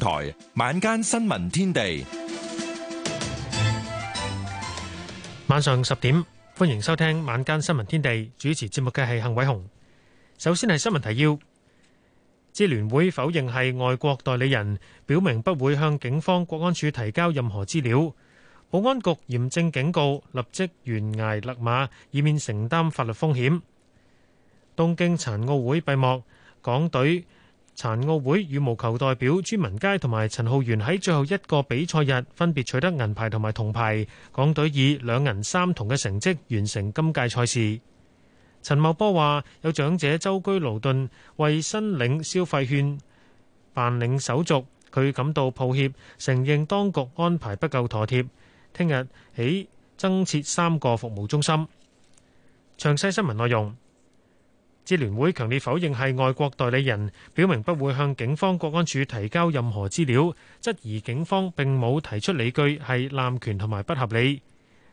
台晚間新聞天地，晚上十點歡迎收聽晚間新聞天地。主持節目嘅係幸偉雄。首先係新聞提要：支聯會否認係外國代理人，表明不會向警方、國安處提交任何資料。保安局嚴正警告，立即懸崖勒馬，以免承擔法律風險。東京殘奧會閉幕，港隊。殘奧會羽毛球代表朱文佳同埋陳浩源喺最後一個比賽日分別取得銀牌同埋銅牌，港隊以兩銀三銅嘅成績完成今屆賽事。陳茂波話：有長者舟車勞頓為申領消費券辦領手續，佢感到抱歉，承認當局安排不夠妥貼。聽日起增設三個服務中心。詳細新聞內容。支聯會強烈否認係外國代理人，表明不會向警方國安處提交任何資料，質疑警方並冇提出理據係濫權同埋不合理。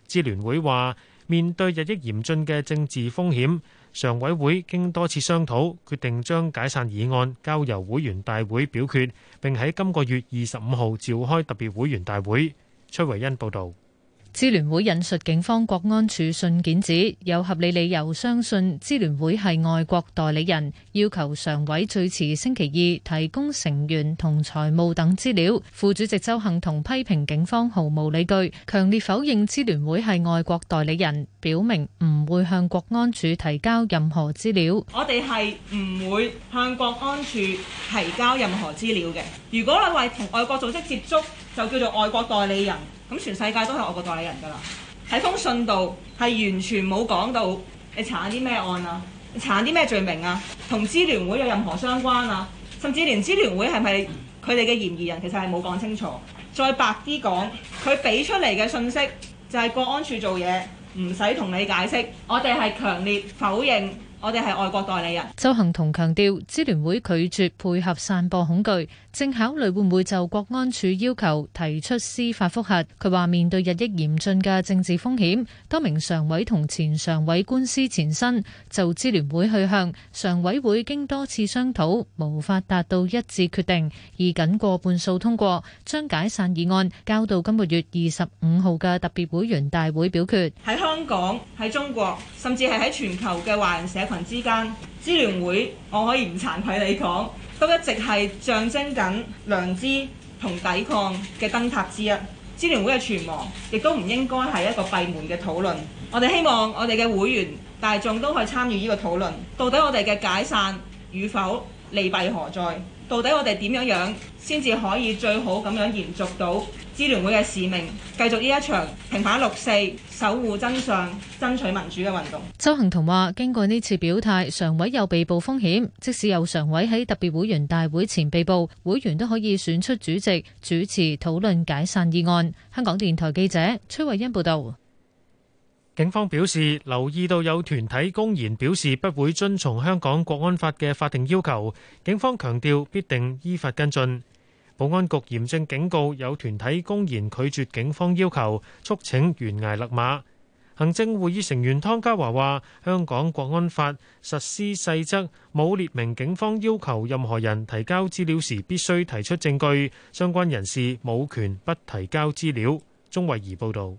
支聯會話：面對日益嚴峻嘅政治風險，常委會經多次商討，決定將解散議案交由會員大會表決，並喺今個月二十五號召開特別會員大會。崔維恩報道。支聯會引述警方國安處信件指，有合理理由相信支聯會係外國代理人，要求常委最遲星期二提供成員同財務等資料。副主席鄒幸彤批評警方毫無理據，強烈否認支聯會係外國代理人，表明唔會向國安處提交任何資料。我哋係唔會向國安處提交任何資料嘅。如果你為同外國組織接觸，就叫做外國代理人。咁全世界都係我個代理人㗎啦，喺封信度係完全冇講到你查啲咩案啊，你查啲咩罪名啊，同支聯會有任何相關啊，甚至連支聯會係咪佢哋嘅嫌疑人，其實係冇講清楚。再白啲講，佢俾出嚟嘅信息就係、是、國安處做嘢，唔使同你解釋。我哋係強烈否認。我哋係外國代理人。周恒同強調，支聯會拒絕配合散播恐懼，正考慮會唔會就國安處要求提出司法覆核。佢話，面對日益嚴峻嘅政治風險，多名常委同前常委官司纏身，就支聯會去向，常委會經多次商討，無法達到一致決定，而僅過半數通過，將解散議案交到今個月二十五號嘅特別會員大會表決。喺香港，喺中國，甚至係喺全球嘅華人社群之間，支聯會我可以唔慚愧你講，都一直係象徵緊良知同抵抗嘅燈塔之一。支聯會嘅存亡，亦都唔應該係一個閉門嘅討論。我哋希望我哋嘅會員大眾都可以參與呢個討論。到底我哋嘅解散與否？利弊何在？到底我哋點樣樣先至可以最好咁樣延續到支聯會嘅使命，繼續呢一場平反六四、守護真相、爭取民主嘅運動？周恆同話，經過呢次表態，常委有被捕風險，即使有常委喺特別會員大會前被捕，會員都可以選出主席主持討論解散議案。香港電台記者崔慧欣報道。警方表示留意到有團體公然表示不會遵從香港國安法嘅法定要求，警方強調必定依法跟進。保安局嚴正警告有團體公然拒絕警方要求，促請懸崖勒馬。行政會議成員湯家驊話：香港國安法實施細則冇列明警方要求任何人提交資料時必須提出證據，相關人士冇權不提交資料。鍾慧儀報道。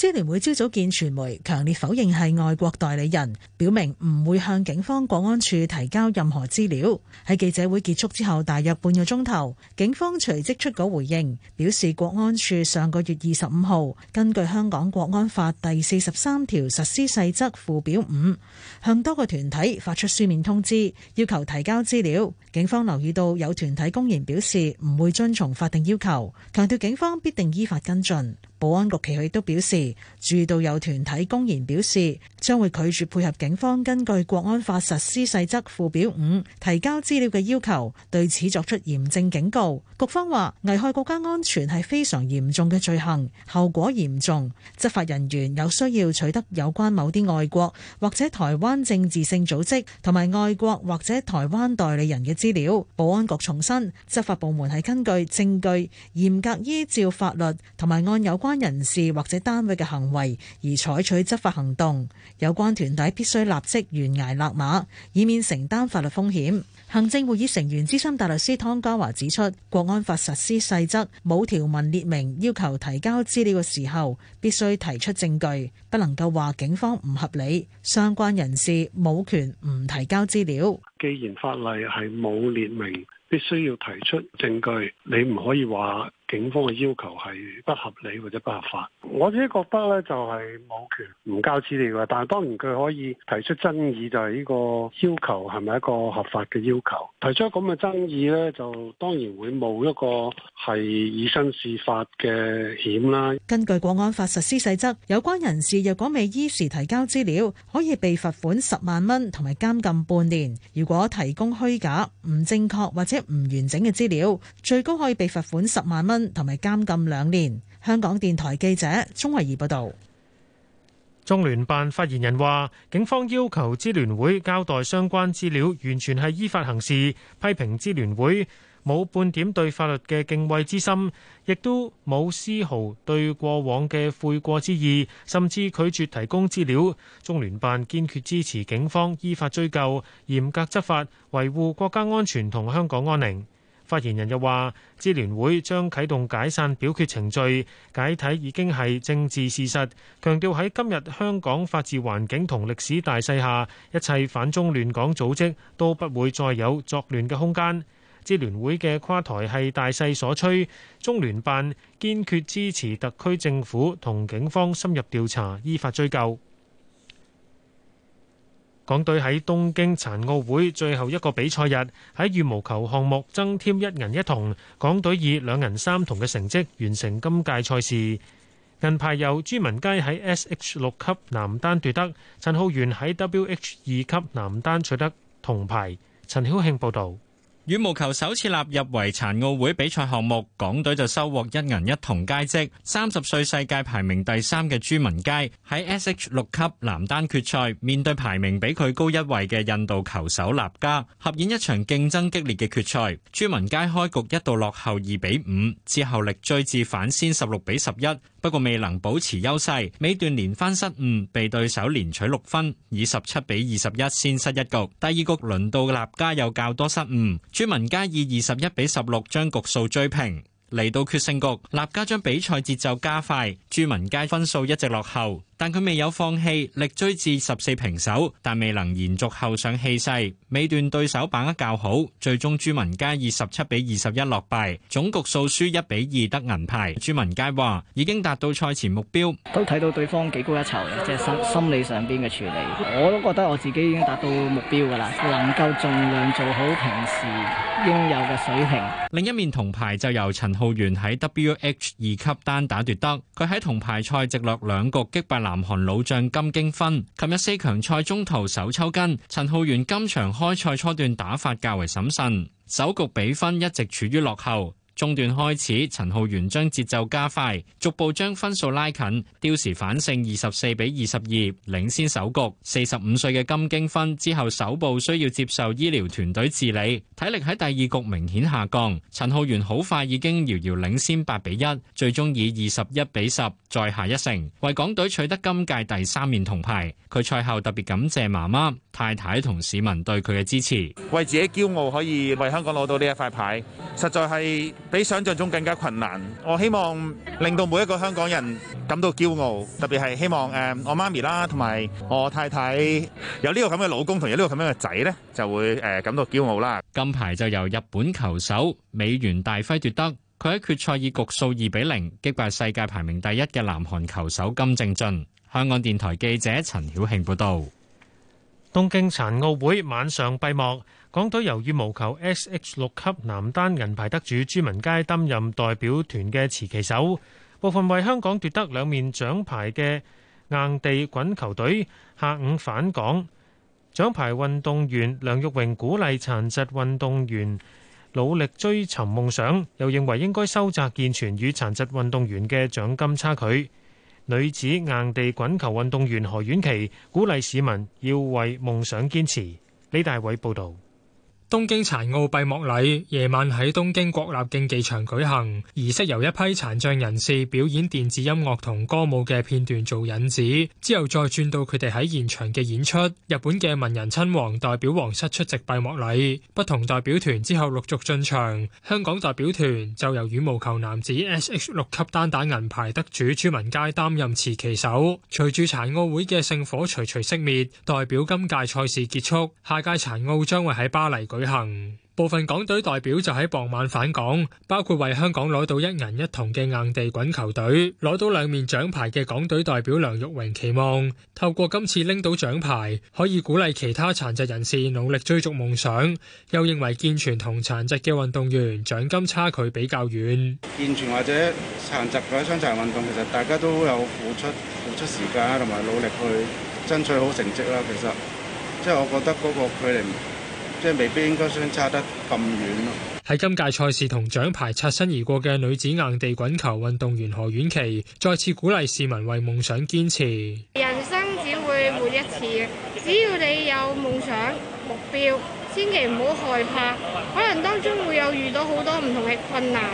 支聯會朝早見傳媒，強烈否認係外國代理人，表明唔會向警方、國安處提交任何資料。喺記者會結束之後，大約半個鐘頭，警方隨即出稿回應，表示國安處上個月二十五號根據香港國安法第四十三條實施細則附表五，向多個團體發出書面通知，要求提交資料。警方留意到有團體公然表示唔會遵從法定要求，強調警方必定依法跟進。保安局其佢都表示，注意到有團體公然表示將會拒絕配合警方根據《國安法》實施細則附表五提交資料嘅要求，對此作出嚴正警告。局方話，危害國家安全係非常嚴重嘅罪行，後果嚴重。執法人員有需要取得有關某啲外國或者台灣政治性組織同埋外國或者台灣代理人嘅資料。保安局重申，執法部門係根據證據，嚴格依照法律同埋按有關。關人士或者單位嘅行為而採取執法行動，有關團體必須立即懸崖勒馬，以免承擔法律風險。行政會議成員資深大律師湯家華指出，國安法實施細則冇條文列明，要求提交資料嘅時候，必須提出證據，不能夠話警方唔合理，相關人士冇權唔提交資料。既然法例係冇列明必須要提出證據，你唔可以話，警方嘅要求係不合理或者不合法，我自己覺得咧就係冇權唔交資料。但係當然佢可以提出爭議，就係呢個要求係咪一個合法嘅要求？提出咁嘅爭議咧，就當然會冒一個係以身試法嘅險啦。根據國安法實施細則，有關人士若果未依時提交資料，可以被罰款十萬蚊同埋監禁半年；如果提供虛假、唔正確或者唔完整嘅資料，最高可以被罰款十萬蚊。同埋監禁兩年。香港電台記者鍾慧儀報道，中聯辦發言人話：警方要求支聯會交代相關資料，完全係依法行事。批評支聯會冇半點對法律嘅敬畏之心，亦都冇絲毫對過往嘅悔過之意，甚至拒絕提供資料。中聯辦堅決支持警方依法追究，嚴格執法，維護國家安全同香港安寧。發言人又話，支聯會將啟動解散表決程序，解體已經係政治事實。強調喺今日香港法治環境同歷史大勢下，一切反中亂港組織都不會再有作亂嘅空間。支聯會嘅垮台係大勢所趨，中聯辦堅決支持特區政府同警方深入調查，依法追究。港隊喺東京殘奧會最後一個比賽日喺羽毛球項目增添一銀一銅，港隊以兩銀三銅嘅成績完成今屆賽事。銀牌由朱文佳喺 SH 六級男單奪得，陳浩源喺 WH 二級男單取得銅牌。陳曉慶報道。羽毛球首次為納入殘奧會比賽項目，港隊就收穫一銀一銅佳績。三十歲世界排名第三嘅朱文佳喺 S.H. 六級男單決賽，面對排名比佢高一位嘅印度球手納加，合演一場競爭激烈嘅決賽。朱文佳開局一度落後二比五，之後力追至反先十六比十一，不過未能保持優勢，尾段連番失誤，被對手連取六分，以十七比二十一先失一局。第二局輪到納加有較多失誤。朱文佳以二十一比十六將局數追平，嚟到決勝局，立家將比賽節奏加快，朱文佳分數一直落後。但佢未有放棄力追至十四平手，但未能延續後上氣勢，尾段對手把握較好，最終朱文佳以十七比二十一落敗，總局數輸一比二得銀牌。朱文佳話已經達到賽前目標，都睇到對方幾高一籌，嗯、即係心心理上邊嘅處理。我都覺得我自己已經達到目標㗎啦，能夠盡量做好平時應有嘅水平。另一面銅牌就由陳浩源喺 WH 二級單打奪得，佢喺銅牌賽直落兩局擊敗，南韓老將金京勳，琴日四強賽中途手抽筋。陳浩源今場開賽初段打法較為審慎，首局比分一直處於落後。中段開始，陳浩源將節奏加快，逐步將分數拉近，吊時反勝二十四比二十二，領先首局。四十五歲嘅金京勳之後首部需要接受醫療團隊治理，體力喺第二局明顯下降。陳浩源好快已經遙遙領先八比一，最終以二十一比十再下一城，為港隊取得今屆第三面銅牌。佢賽後特別感謝媽媽、太太同市民對佢嘅支持，為自己驕傲可以為香港攞到呢一塊牌，實在係。比想象中更加困難。我希望令到每一個香港人感到驕傲，特別係希望誒、呃、我媽咪啦，同埋我太太有呢個咁嘅老公，同有呢個咁樣嘅仔呢，就會誒、呃、感到驕傲啦。金牌就由日本球手美元大輝奪得，佢喺決賽以局數二比零擊敗世界排名第一嘅南韓球手金正俊。香港電台記者陳曉慶報導。東京殘奧會晚上閉幕，港隊由羽毛球 S H 六級男單銀牌得主朱文佳擔任代表團嘅持旗手。部分為香港奪得兩面獎牌嘅硬地滾球隊下午返港。獎牌運動員梁玉榮鼓勵殘疾，殘疾運動員努力追尋夢想，又認為應該收窄健全與殘疾運動員嘅獎金差距。女子硬地滾球運動員何婉琪鼓勵市民要為夢想堅持。李大偉報道。東京殘奧閉幕禮夜晚喺東京國立競技場舉行，儀式由一批殘障人士表演電子音樂同歌舞嘅片段做引子，之後再轉到佢哋喺現場嘅演出。日本嘅文人親王代表皇室出席閉幕禮，不同代表團之後陸續進場。香港代表團就由羽毛球男子 S.H. 六級單打銀牌得主朱文佳擔任持旗手。隨住殘奧會嘅聖火徐徐熄滅，代表今屆賽事結束，下屆殘奧將會喺巴黎舉。旅行，部分港隊代表就喺傍晚返港，包括為香港攞到一銀一銅嘅硬地滾球隊，攞到兩面獎牌嘅港隊代表梁玉榮期望透過今次拎到獎牌，可以鼓勵其他殘疾人士努力追逐夢想。又認為健全同殘疾嘅運動員獎金差距比較遠，健全或者殘疾或者傷殘運動，其實大家都有付出，付出時間啊，同埋努力去爭取好成績啦。其實即係我覺得嗰個距離。即係未必應該相差得咁遠咯。喺今屆賽事同獎牌擦身而過嘅女子硬地滾球運動員何婉琪，再次鼓勵市民為夢想堅持。人生只會活一次，只要你有夢想目標，千祈唔好害怕。可能當中會有遇到好多唔同嘅困難，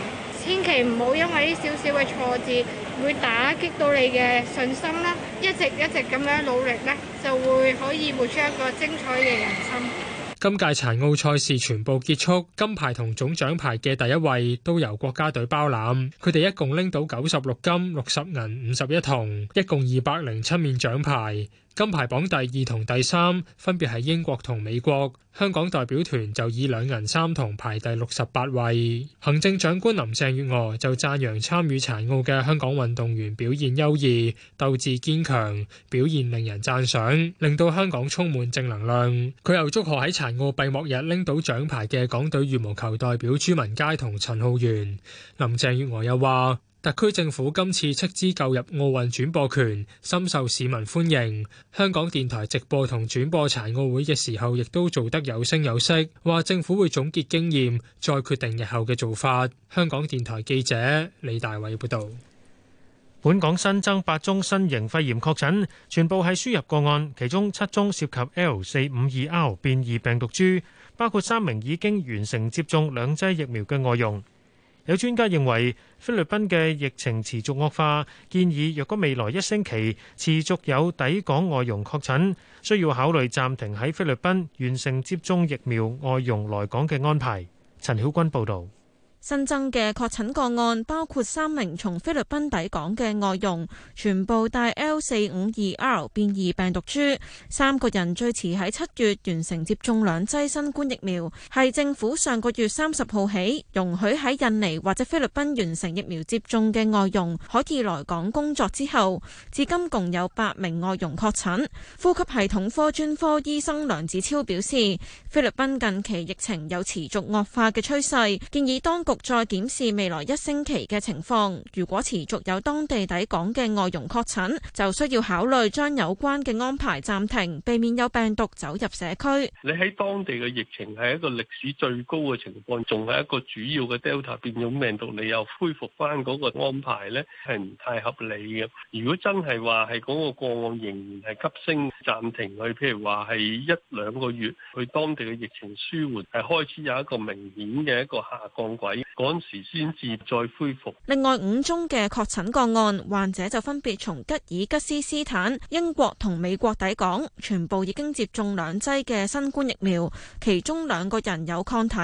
千祈唔好因為啲少少嘅挫折會打擊到你嘅信心啦。一直一直咁樣努力咧，就會可以活出一個精彩嘅人生。今屆殘奧賽事全部結束，金牌同總獎牌嘅第一位都由國家隊包攬，佢哋一共拎到九十六金、六十銀、五十一銅，一共二百零七面獎牌。金牌榜第二同第三分別係英國同美國，香港代表團就以兩銀三銅排第六十八位。行政長官林鄭月娥就讚揚參與殘奧嘅香港運動員表現優異，鬥志堅強，表現令人讚賞，令到香港充滿正能量。佢又祝賀喺殘奧閉幕日拎到獎牌嘅港隊羽毛球代表朱文佳同陳浩源。林鄭月娥又話。特區政府今次斥資購入奧運轉播權，深受市民歡迎。香港電台直播同轉播殘奧會嘅時候，亦都做得有聲有色。話政府會總結經驗，再決定日後嘅做法。香港電台記者李大偉報道。本港新增八宗新型肺炎確診，全部係輸入個案，其中七宗涉及 L 四五二 R 變異病毒株，包括三名已經完成接種兩劑疫苗嘅外傭。有專家認為菲律賓嘅疫情持續惡化，建議若果未來一星期持續有抵港外傭確診，需要考慮暫停喺菲律賓完成接種疫苗外傭來港嘅安排。陳曉君報導。新增嘅確診個案包括三名從菲律賓抵港嘅外傭，全部帶 L 四五二 R 變異病毒株。三個人最遲喺七月完成接種兩劑新冠疫苗，係政府上個月三十號起容許喺印尼或者菲律賓完成疫苗接種嘅外傭可以來港工作之後，至今共有八名外傭確診。呼吸系統科專科醫生梁子超表示，菲律賓近期疫情有持續惡化嘅趨勢，建議當局。再檢視未來一星期嘅情況。如果持續有當地抵港嘅外佣確診，就需要考慮將有關嘅安排暫停，避免有病毒走入社區。你喺當地嘅疫情係一個歷史最高嘅情況，仲係一個主要嘅 Delta 變種病毒，你又恢復翻嗰個安排咧，係唔太合理嘅。如果真係話係嗰個個案仍然係急升，暫停去，譬如話係一兩個月，去當地嘅疫情舒緩，係開始有一個明顯嘅一個下降軌。嗰時先至再恢復。另外五宗嘅確診個案，患者就分別從吉爾吉斯斯坦、英國同美國抵港，全部已經接種兩劑嘅新冠疫苗，其中兩個人有抗體。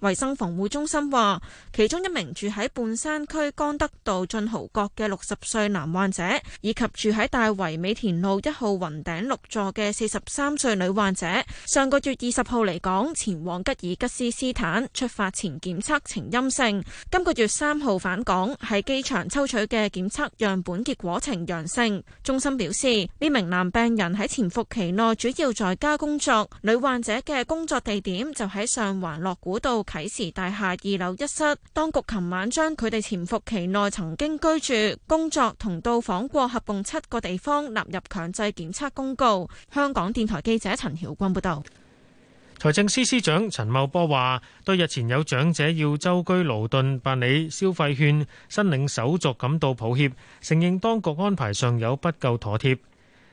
衞生防護中心話，其中一名住喺半山區江德道俊豪閣嘅六十歲男患者，以及住喺大圍美田路一號雲頂六座嘅四十三歲女患者，上個月二十號嚟港，前往吉爾吉斯斯坦，出發前檢測呈陰。陰性，今個月三號返港，喺機場抽取嘅檢測樣本結果呈陽性。中心表示，呢名男病人喺潛伏期內主要在家工作，女患者嘅工作地點就喺上環樂古道啟示大廈二樓一室。當局琴晚將佢哋潛伏期內曾經居住、工作同到訪過合共七個地方納入強制檢測公告。香港電台記者陳曉君報道。財政司司長陳茂波話：對日前有長者要周居勞頓辦理消費券申領手續感到抱歉，承認當局安排上有不夠妥貼。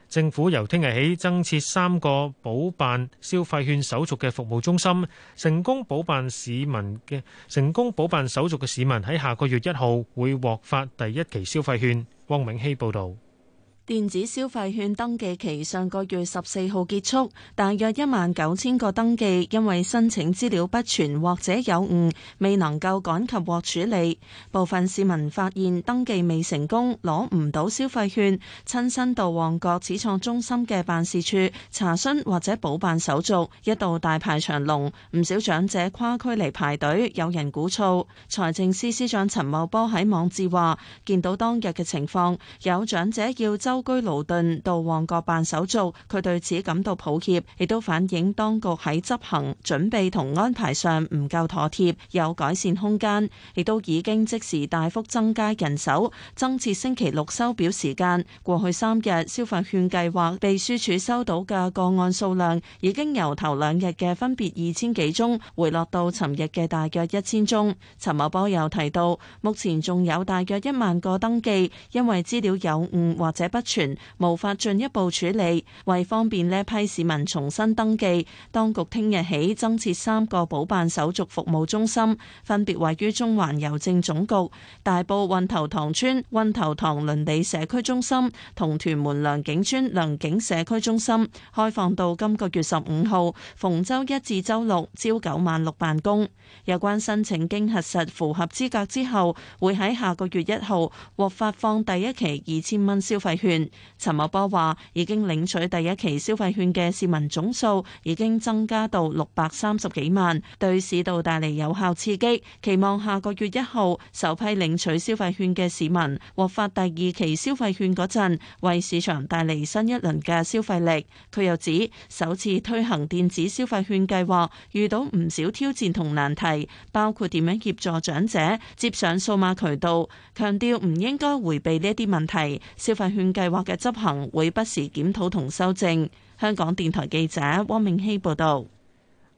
政府由聽日起增設三個補辦消費券手續嘅服務中心，成功補辦市民嘅成功補辦手續嘅市民喺下個月一號會獲發第一期消費券。汪永熙報導。電子消費券登記期上個月十四號結束，大約一萬九千個登記，因為申請資料不全或者有誤，未能夠趕及獲處理。部分市民發現登記未成功，攞唔到消費券，親身到旺角始創中心嘅辦事處查詢或者補辦手續，一度大排長龍。唔少長者跨區嚟排隊，有人鼓噪。財政司司長陳茂波喺網誌話：見到當日嘅情況，有長者要周高居勞頓到旺角辦手續，佢對此感到抱歉，亦都反映當局喺執行、準備同安排上唔夠妥貼，有改善空間，亦都已經即時大幅增加人手，增設星期六收表時間。過去三日，消費券計劃秘書處收到嘅個案數量，已經由頭兩日嘅分別二千幾宗，回落到尋日嘅大約一千宗。陳茂波又提到，目前仲有大約一萬個登記，因為資料有誤或者不。全無法進一步處理，為方便呢批市民重新登記，當局聽日起增設三個補辦手續服務中心，分別位於中環郵政總局、大埔運頭塘村、運頭塘鄰里社區中心同屯門良景邨良景社區中心，開放到今個月十五號，逢周一至周六朝九晚六辦公。有關申請經核實符合資格之後，會喺下個月一號獲發放第一期二千蚊消費券。陳茂波話：已經領取第一期消費券嘅市民總數已經增加到六百三十幾萬，對市道帶嚟有效刺激。期望下個月一號首批領取消費券嘅市民獲發第二期消費券嗰陣，為市場帶嚟新一輪嘅消費力。佢又指，首次推行電子消費券計劃遇到唔少挑戰同難題，包括點樣協助長者接上數碼渠道，強調唔應該回避呢一啲問題。消費券計計劃嘅執行會不時檢討同修正。香港電台記者汪明熙報道。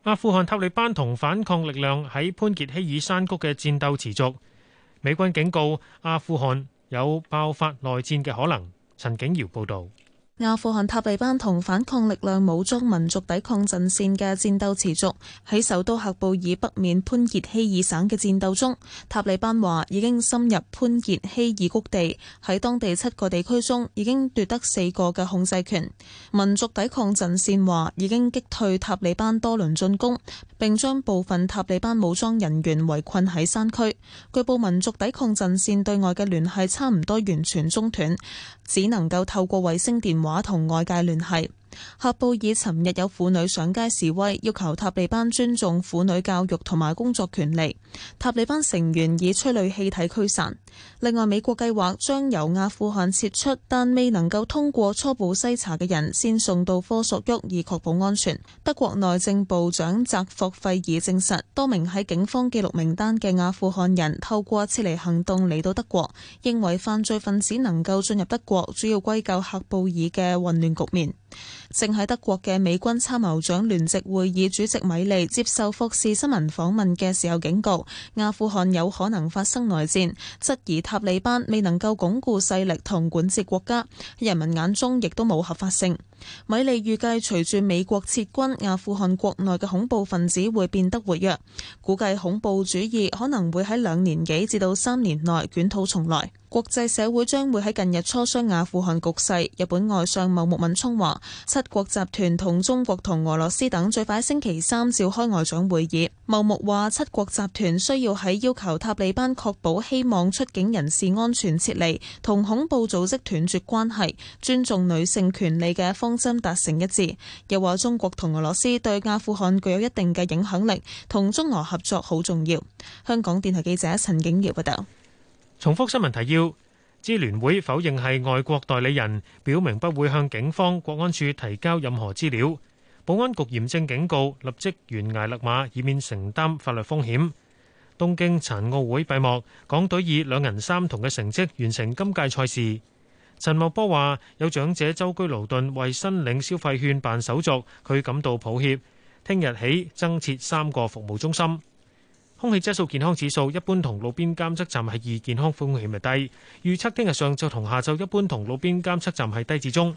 阿富汗塔利班同反抗力量喺潘傑希爾山谷嘅戰鬥持續。美軍警告阿富汗有爆發內戰嘅可能。陳景堯報道。阿富汗塔利班同反抗力量武裝民族抵抗陣線嘅戰鬥持續。喺首都喀布爾北面潘傑希爾省嘅戰鬥中，塔利班話已經深入潘杰希爾谷地，喺當地七個地區中已經奪得四個嘅控制權。民族抵抗陣線話已經擊退塔利班多輪進攻，並將部分塔利班武裝人員圍困喺山區。據報，民族抵抗陣線對外嘅聯繫差唔多完全中斷，只能夠透過衛星電話。話同外界聯繫。赫布爾尋日有婦女上街示威，要求塔利班尊重婦女教育同埋工作權利。塔利班成員以催淚氣體驅散。另外，美國計劃將由阿富汗撤出，但未能夠通過初步篩查嘅人，先送到科索沃以確保安全。德國內政部長澤霍費爾證實，多名喺警方記錄名單嘅阿富汗人透過撤離行動嚟到德國，認為犯罪分子能夠進入德國，主要歸咎喀布爾嘅混亂局面。正喺德國嘅美軍參謀長聯席會議主席米利接受霍士新聞訪問嘅時候警告，阿富汗有可能發生內戰，質疑塔利班未能夠鞏固勢力同管治國家，喺人民眼中亦都冇合法性。米利預計隨住美國撤軍，阿富汗國內嘅恐怖分子會變得活躍，估計恐怖主義可能會喺兩年幾至到三年內捲土重來。國際社會將會喺近日磋商阿富汗局勢。日本外相茂木敏充話，七國集團同中國同俄羅斯等最快星期三召開外長會議。茂木話，七國集團需要喺要求塔利班確保希望出境人士安全撤離、同恐怖組織斷絕，絕關係、尊重女性權利嘅方針達成一致。又話，中國同俄羅斯對阿富汗具有一定嘅影響力，同中俄合作好重要。香港電台記者陳景瑤報道。重複新聞提要：支聯會否認係外國代理人，表明不會向警方、國安處提交任何資料。保安局嚴正警告，立即懸崖勒馬，以免承擔法律風險。東京殘奧會閉幕，港隊以兩人三同嘅成績完成今屆賽事。陳茂波話：有長者舟車勞頓為申領消費券辦手續，佢感到抱歉。聽日起增設三個服務中心。空氣質素健康指數一般同路邊監測站係二，健康風險咪低，預測聽日上晝同下晝一般同路邊監測站係低至中。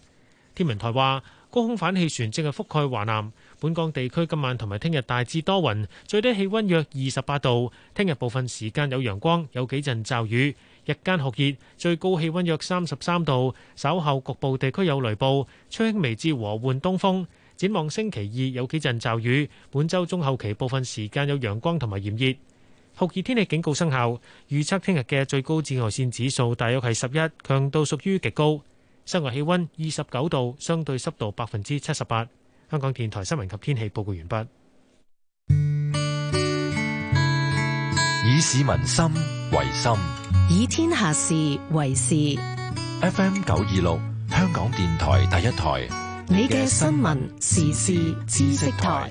天文台話高空反氣旋正係覆蓋華南，本港地區今晚同埋聽日大致多雲，最低氣温約二十八度。聽日部分時間有陽光，有幾陣驟雨，日間酷熱，最高氣温約三十三度。稍後局部地區有雷暴，吹輕微至和緩東風。展望星期二有幾陣驟雨，本周中後期部分時間有陽光同埋炎熱。酷熱天氣警告生效，預測聽日嘅最高紫外線指數大約係十一，強度屬於極高。室外氣温二十九度，相對濕度百分之七十八。香港電台新聞及天氣報告完畢。以市民心為心，以天下事為事。FM 九二六，香港電台第一台。你嘅新聞時事知識台，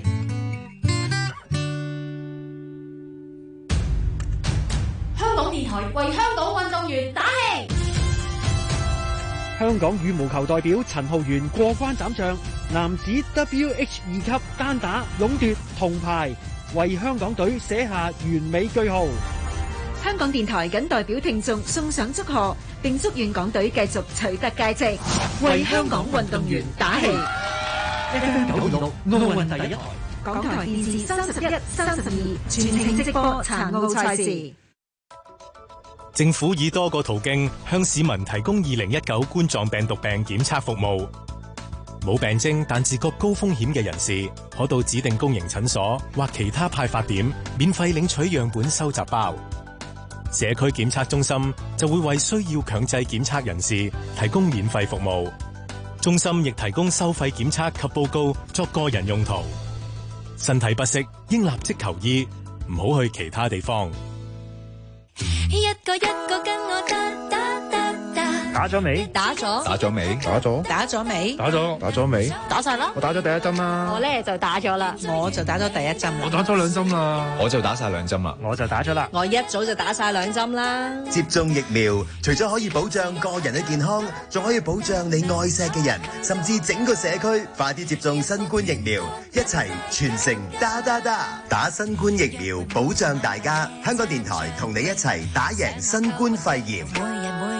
香港電台為香港運動員打氣。香港羽毛球代表陳浩源過關斬將，男子 WH 二級單打勇奪銅牌，為香港隊寫下完美句號。香港電台謹代表聽眾送上祝賀，並祝願港隊繼續取得佳績，為香港運動員打氣。一零九點六奧運第一台，港台電視三十一、三十二全程直播殘奧賽事。政府以多個途徑向市民提供二零一九冠狀病毒病檢測服務。冇病徵但自覺高風險嘅人士，可到指定公營診所或其他派發點免費領取樣本收集包。社區檢測中心就會為需要強制檢測人士提供免費服務，中心亦提供收費檢測及報告，作個人用途。身體不適，應立即求醫，唔好去其他地方。一個一個跟我得得。打咗未？打咗。打咗未？打咗。打咗未？打咗。打咗未？打晒啦！我打咗第一針啦。我呢就打咗啦，我就打咗第一針啦。我打咗兩針啦，我就打晒兩針啦。我就打咗啦，我一早就打晒兩針啦。接種疫苗，除咗可以保障個人嘅健康，仲可以保障你愛錫嘅人，甚至整個社區。快啲接種新冠疫苗，一齊全城打打打，打新冠疫苗保障大家。香港電台同你一齊打贏新冠肺炎。每日每。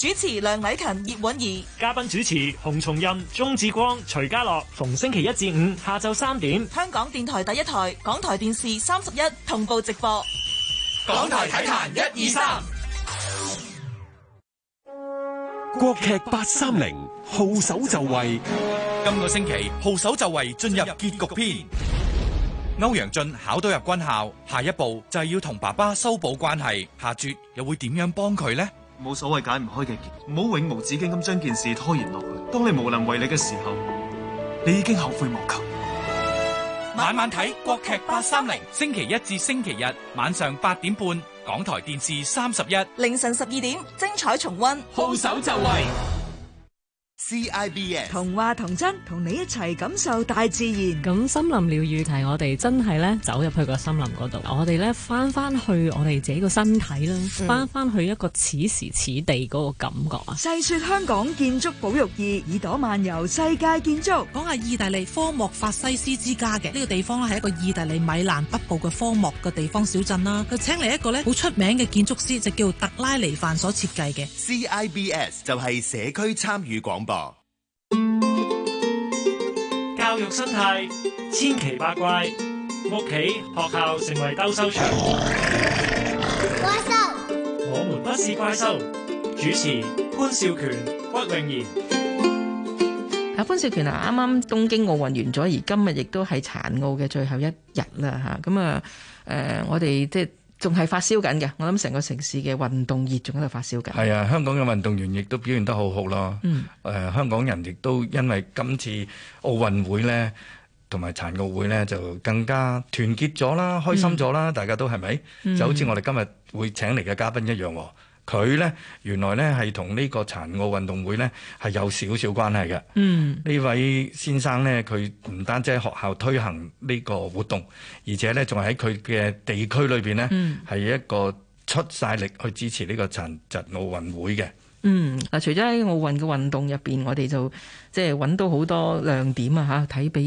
主持梁偉勤、葉婉儀，嘉賓主持洪松任、鍾志光、徐家樂。逢星期一至五下晝三點，香港電台第一台、港台電視三十一同步直播。港台體壇一二三，1, 2, 國劇八三零，號手就位。今個星期號手就位進入結局篇。歐陽俊考到入軍校，下一步就係要同爸爸修補關係，下絕又會點樣幫佢呢？冇所謂解唔開嘅結，唔好永無止境咁將件事拖延落去。當你無能為力嘅時候，你已經後悔莫及。晚晚睇國劇八三零，星期一至星期日晚上八點半，港台電視三十一，凌晨十二點精彩重溫，號手就位。CIBS 童話童真，同你一齊感受大自然。咁森林鳥語係我哋真係咧走入去個森林嗰度，我哋咧翻翻去我哋自己個身體啦，翻翻去一個此時此地嗰個感覺啊。細、嗯、說香港建築保育二耳朵漫遊世界建築，講下意大利科莫法西斯之家嘅呢、這個地方啦，係一個意大利米蘭北部嘅科莫嘅地方小鎮啦。佢請嚟一個咧好出名嘅建築師，就叫特拉尼范所設計嘅。CIBS 就係社區參與廣播。教育生態千奇百怪，屋企、學校成為鬥獸場。怪獸，我們不是怪獸。主持潘少權、屈穎妍。吓，潘少權啊，啱啱東京奧運完咗，而今日亦都係殘奧嘅最後一日啦，吓咁啊，誒，我哋即。仲係發燒緊嘅，我諗成個城市嘅運動熱仲喺度發燒緊。係啊，香港嘅運動員亦都表現得好好咯。誒、嗯呃，香港人亦都因為今次奧運會咧，同埋殘奧會咧，就更加團結咗啦，開心咗啦，嗯、大家都係咪？就好似我哋今日會請嚟嘅嘉賓一樣。嗯嗯佢咧原來咧係同呢個殘奧運動會咧係有少少關係嘅。嗯，呢位先生咧，佢唔單止喺學校推行呢個活動，而且咧仲喺佢嘅地區裏邊咧係一個出晒力去支持呢個殘疾運、嗯、奧運會嘅。嗯，嗱，除咗喺奧運嘅運動入邊，我哋就即係揾到好多亮點啊！吓睇比。